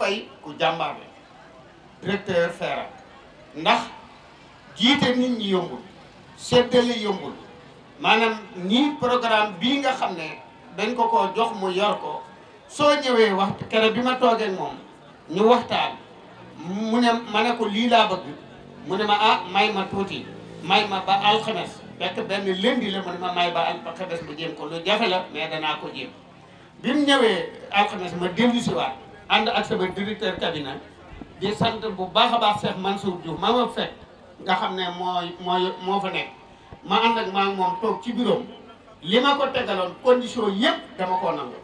Faye ku jàmbaar la directeur FERA ndax jiite nit ñi yombul seddale yombul maanaam nii programme bii nga xam ne dañ ko ko jox mu yor ko soo ñëwee wax keroog bi ma toogee moom ñu waxtaan mu ne ma ne ko lii laa bëgg mu ne ma ah may ma tuuti may ma ba alxames fekk benn lundi la mu ne ma may ba alxames bu jéem ko lu jafe la mais danaa ko jéem bi mu ñëwee alxames ma dellu si waat ànd ak sama directeur cabinet di sant bu baax a baax Cheikh Mansour Diouf maa ma fekk nga xam ne mooy mooy moo fa nekk ma ànd ak maa moom toog ci bureau li ma ko tegaloon condition yëpp dama koo nangu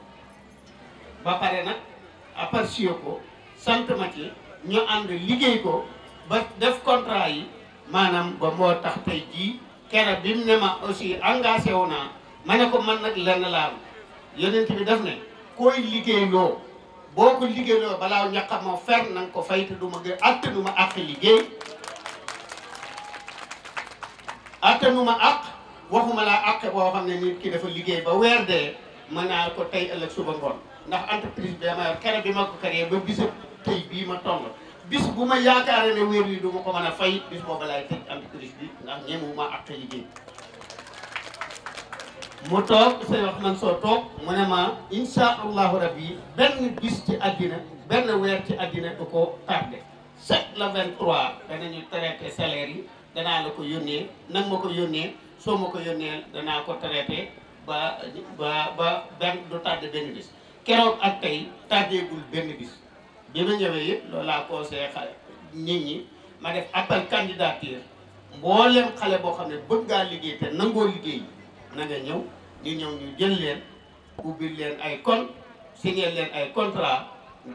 ba pare nag apartie ko sant ma ci ñu ànd liggéey ko ba def contrat yi maanaam ba moo tax tey jii kere bi mu ne ma aussi engagé wu naa ma ne ko man nag lenn laa am yonent bi def ne koy liggéey loo boo ko liggéeyloo balaaw ñaqa moo fer na nga ko fay te du ma gë atte nu ma àq liggéey atte nu ma àq waxuma laa àq boo xam ne nit ki dafa liggéey ba weer de mën naa ko tey ëllëg suba ngoon ndax entreprise bi ma kere bi ma ko créé ba bisab tey bii ma toll bis bu ma yaakaare ne wér yi du ko mën a fay bis boobu laay tëj entreprise bi ndax ñemewu ma liggéey mu toog sëñ wax man soo toog mu ne ma insha allahu rabbi benn bis ci àddina benn weer ci àddina du ko tardé chaque le 23 danañu traité salaire yi danaa la ko yónnee nag ma ko yónnee soo ma ko yónnee danaa ko traité ba ba ba benn du tardé benn bis keroog ak tey tardégul benn bis bi ma ñëwee yëpp loolu laa conseillé xale ñii ñi ma def appel candidature mboolem xale boo xam ne bëgg ngaa liggéey te nangoo liggéey na nga ñëw ñu ñëw ñu jël leen ubbil leen ay compte signé leen ay contrat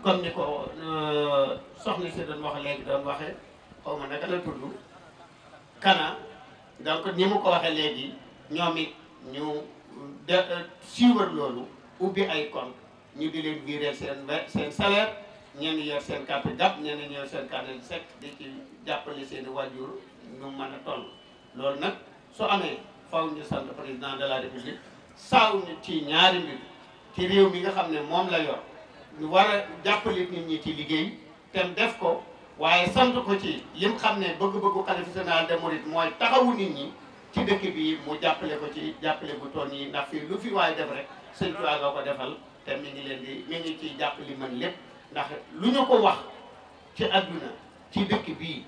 comme ni ko euh, soxna si doon wax léegi doon waxee xaw ma naka la tudd kana donc ni mu ko waxee léegi ñoom it ñu de euh, suivre loolu ubbi ay compte ñu di leen virer seen seen salaire ñenn yor seen carte GAB ñenn yor seen carte sec di ci jàppale seen i wàjjur ñu mën a toll loolu nag su amee faw ñu sant président de la république saaw ñu ci ñaari mbir ci réew mi nga xam ne moom la yor ñu war a jàppale nit ñi ci liggéey tem def ko waaye sant ko ci lim xam ne bëgg-bëggu xalifa général des mourides mooy taxawu nit ñi ci dëkk bi mu jàppale ko ci jàppale bu toon yi ndax fii lu fi waaye dem rek sëñ Tuubaa nga ko defal te mi ngi leen di mi ngi ciy jàpp li mën lépp ndax lu ñu ko wax ci adduna ci dëkk bi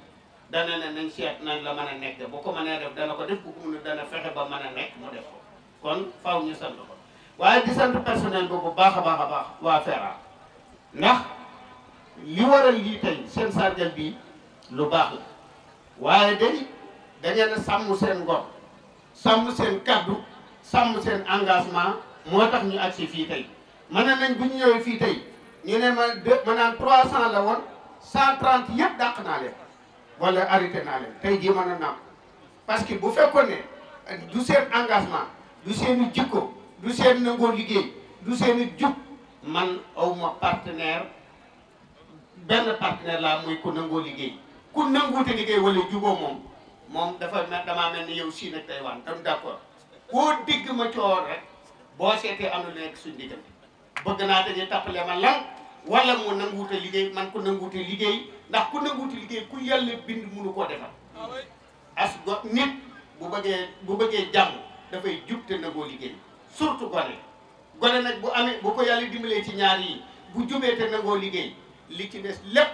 dana ne nañ seet nañ la mën a nekk boo ko mënee def dana ko def bu ko mën a dana fexe ba mën a nekk mu def ko kon faw ñu sant ko waaye di sant personnel boobu baax a baax a baax waa FERA ndax li waral lii tey seen sargal bi lu baax la waaye day da ngeen a sàmm seen ngor sàmm seen kaddu sàmm seen engagement moo tax ñu agsi fii tey mën nañ bu ñu ñëwee fii tey ñu ne ma de ma naan 300 la woon 130 yëpp dàq naa leen. wala arrêté naa leen tey jii mën a nàmp parce que bu fekkoon ne du seen engagement du seen jikko du seen nangoo liggéey du seen jub man aw ma partenaire benn partenaire laa muy ku nangoo liggéey ku nanguute liggéey wala juboo moom moom dafa mel damaa mel ni yow sii nag Taïwan tam d'accord koo digg ma coor rek boo seetee am na nekk suñ diggante bëgg naa dañuy tappale ma lan wala mu nanguute liggéey man ku nanguute liggéey ndax ku nanguuti liggéey ku yàlla bind munu koo defal ah as go nit bu bëggee bu bëggee jàng dafay jub te nangoo liggéey surtout gone gone nag bu amee bu ko yàlla dimbalee ci ñaar yi bu jubee te nangoo liggéey li ci ne lépp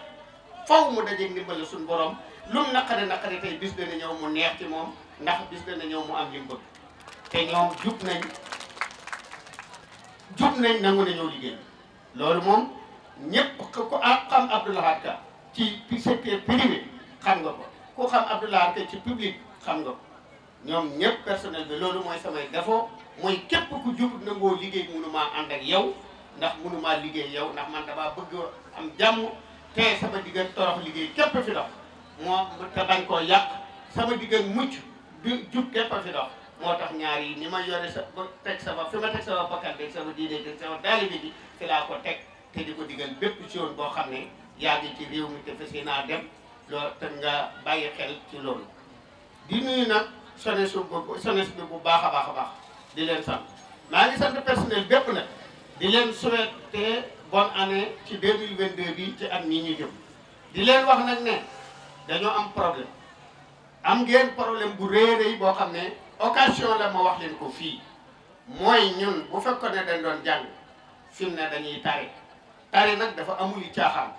faw mu dajeeg ndimbal suñu borom lu mu naqare naqare tey bis dana ñëw mu neex ci moom ndax bis dana ñëw mu am li mu bëgg te ñoom jub nañ jub nañ nangu na ñëw liggéey loolu moom ñëpp ku ko xam Abdou Lahad Ka ci secteur privé xam nga ko ku xam Abdoulaye Arte ci public xam nga ko ñoom ñëpp personnel bi loolu mooy samay défaut mooy képp ku jub nangoo liggéey mënumaa ànd ak yow ndax maa liggéey yow ndax man damaa bëgg am jàmm te sama diggante torox liggéey képp fi dox moo te bañ koo yàq sama diggante mucc du jub képp fi dox moo tax ñaar yi ni ma yore sa teg sama fi ma teg sama bakkan de sama diine bi sama daali bi fi laa ko teg te di ko digal bépp ci yoon boo xam ne yaa ngi ci réew mi te fas naa dem loolu te nga bàyyi xel ci loolu di nuyu nag jeunesse bu jeunesse bi bu baax a baax a baax di leen sant maa ngi sant personnel bépp nag di leen souhaiter bonne année ci 2022 bi ci at mii ñu jëm di leen wax nag ne dañoo am problème am ngeen problème bu rëy rëy boo xam ne occasion la ma wax leen ko fii mooy ñun bu fekkoon ne dañ doon jàng fi mu ne dañuy tari tari nag dafa amul yi caaxaan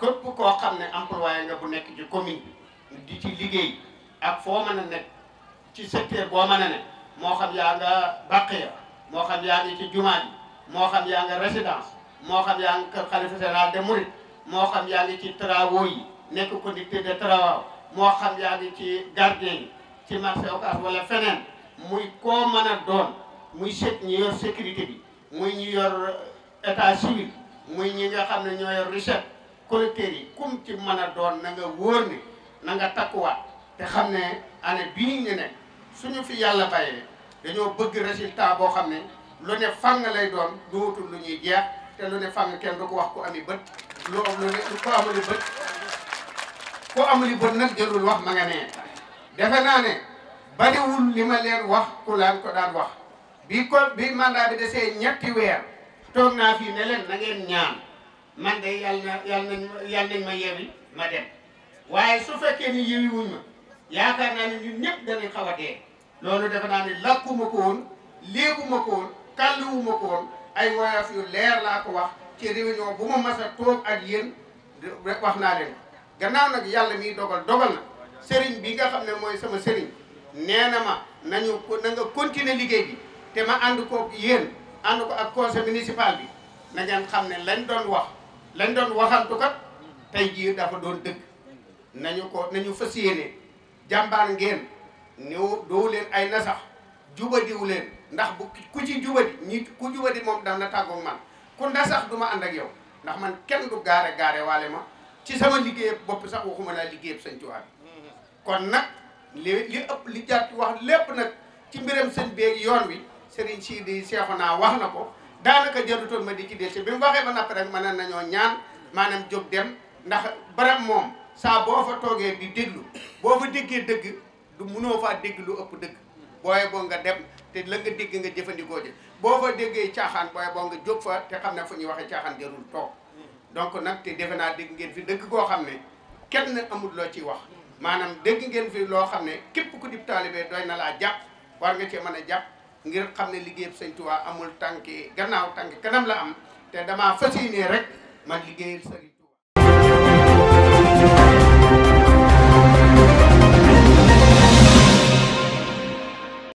képp koo xam ne employé nga bu nekk ci commune di ci liggéey ak foo mën a nekk ci secteur boo mën a ne moo xam yaa nga Baqiya moo xam yaa ngi ci jumaa ji moo xam yaa nga résidence moo xam yaa ngi kër xalifa moo xam yaa ci travaux yi nekk conducteur de travaux moo xam yaa ngi ci gardien yi ci marché Ocass wala feneen muy koo mën a doon muy set ñi yor sécurité bi muy ñi yor euh, état civil muy ñi nga xam ne ñoo yor recette collecteurs yi kum ci mën a doon nanga wóor ni na nga takkuwaat te xam ne année bii ñu ne suñu fi yàlla bàyyee dañoo bëgg résultat boo xam ne lu ne fang lay doon dootul lu ñuy jeex te lu ne fang kenn du ko wax ku ami bët lu lu ne ku amuli bët ku nag jëlul wax ma nga nee defe naa ne bariwul li ma leen wax ku laan ko daan wax bi ko bi mandat bi desee ñetti weer toog naa fii ne leen na ngeen ñaan man de yàlla na yàlla nañ ma yàlla nañ ma yewi ma dem waaye su fekkee ni yewi ma yaakaar naa ne ñun ñëpp danañ xaw a dee loolu dafa naa ne lakkuma ko woon léeguma ko woon kàlluwuma ko woon ay woyof yu leer laa ko wax ci réunion bu ma mas a ak yéen rek wax naa leen gannaaw nag yàlla mii dogal dogal na sëriñ bi nga xam ne mooy sama sëriñ nee na ma nañu na nga continuer liggéey bi te ma ànd ko yéen ànd ko ak conseil municipal bi na ngeen xam ne lañ doon wax lañ doon waxantukat tey jii dafa doon dëgg nañu ko nañu fas yéene jàmbaar ngeen ñëw doo leen ay nasax jubadiw leen ndax bu ku ci jubadi ñi ku jubadi moom na tàggoog man ku nasax du ànd ak yow ndax man kenn du gaare gaare waale ma ci sama liggéeyam bopp sax waxuma naa liggéeyab sëñ Tuubaa kon nag li ëpp li jàpp wax lépp nag ci mbiram sëñ beeg yoon wi sëriñ Sidi Seexuna wax na ko daanaka jarutoon ma di ci dese bi mu waxee ba noppi rek mën nañoo ñaan maanaam jóg dem ndax barab moom saa boo fa toogee di déglu boo fa déggee dëgg du munoo faa dégg lu ëpp dëgg booye boo nga dem te la nga dégg nga jëfandikoo ji boo fa déggee caaxaan booye boo nga jóg fa te xam ne fu ñuy waxee caaxaan jarul toog donc nag te defe naa dégg ngeen fi dëgg koo xam ne kenn amul loo ciy wax maanaam dégg ngeen fi loo xam ne képp ko dib taalibe doy na laa jàpp war nga cee mën a jàpp ngir xam ne liggéey sëñ Tuubaa amul tànki gannaaw tànki kanam la am te damaa fas rek man liggéeyal sëriñ